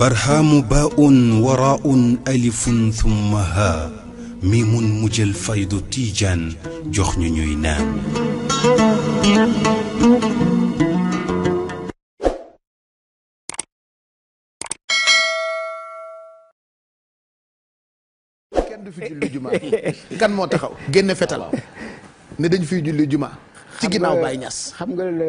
barhaamu baa'un waraa'un alifun thumma haa miimun mu jël faydu tiijaan jox ñu ñuy naan kan moo taxaw génne fetal ne dañ fiy julli juma ci ginnaaw Baye Niass xam nga le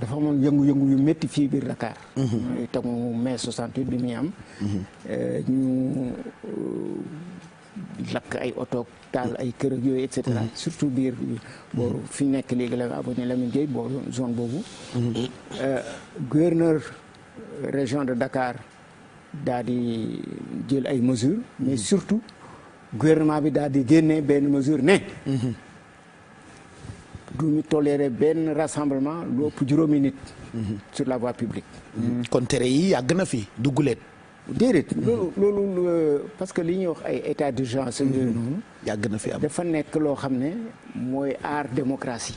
dafa amoon yëngu-yëngu yu metti fi biir Dakar. Mhm. tegu mai 68 bi muy am. Mhm. Euh, ñu euh, lakk ay oto taal ay et cetera mhm. surtout biir booru fi nekk léegi la abonné Lamine Gueye booru zone boobu. Euh, gouverneur région de Dakar daa di jël ay mesures mais surtout gouvernement bi daal di génne benn mesure ne du ñu toléré benn rassemblement lu ëpp juróomi nit. sur la voie publique. kon tere yi yàgg na fi dugguleet. déedéet loolu loolu euh, parce que li ñu wax ay état d'urgence yooyu mhm. noonu. yàgg fi am dafa nekk loo xam ne mooy aar démocratie.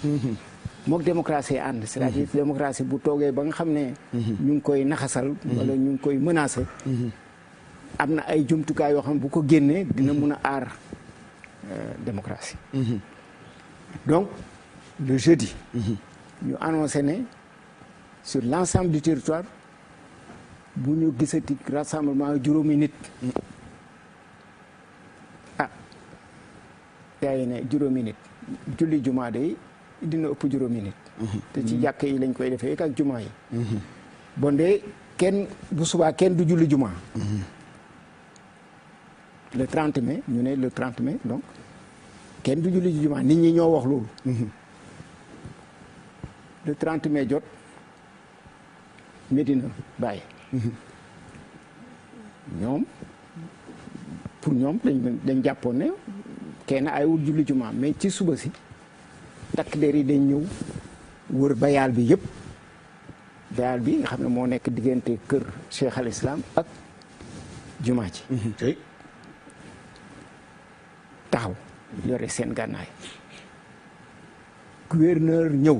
mok mhm. démocratie and c'est-à-dire mhm. démocratie bu togué ba nga xamné ne ñu koy naxasal wala ñu koy menacer am na ay jumtukaay yo xam bu ko génné dina mëna art aar euh, démocratie donc le jeudi nous mhm. annoncé sur l'ensemble du territoire nous rassemblement nit mhm. ah nit julli Juma de dina ëpp nit mhm. te ci yi lañ koy ak yi bon du julli le 30 mai nous sommes le 30 mai donc kenn du julli Juma, nit ñi ñoo wax le mais jot Medina Baye ñoom pour ñoom dañ dañ jàppoon ne kenn ay wut julli jumaa mais ci suba si takk der yi dañ ñëw wër bayaal bi yëpp bayaal bi nga xam ne moo nekk diggante kër Cheikh al Islam ak jumaa ji taxaw yore seen gànnaay gouverneur ñëw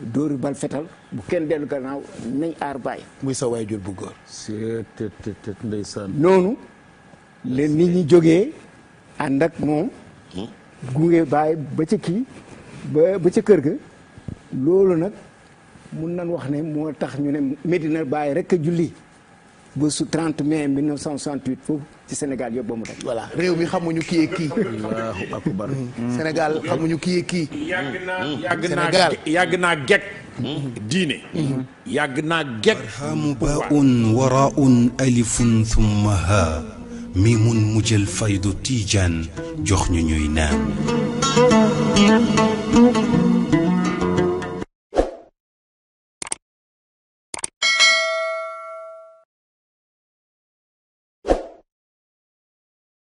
dóor bal fetal bu kenn dellu gannaaw nañ aar bàyyi muy sa waay jur bu góor noonu le ni ñi jógee ànd ak moom hmm? gunge bàyyi ba ca kii ba ba ca kër ga loolu nag mun nañ wax ne moo tax ñu ne medina bàyyi rek a julli ba su 30 mai 1968 foofu ci Sénégal yëpp ba mu daj. voilà réew mi xamuñu kii yee kii. allahu akbar. Hmm. Sénégal xamuñu kii yee kii. yàgg naa hmm. yàgg naa naa gek. diine. yàgg naa gek. barhamu hmm. baun waraun alifun thumma ha mi mun faydu tijaan jox ñu ñuy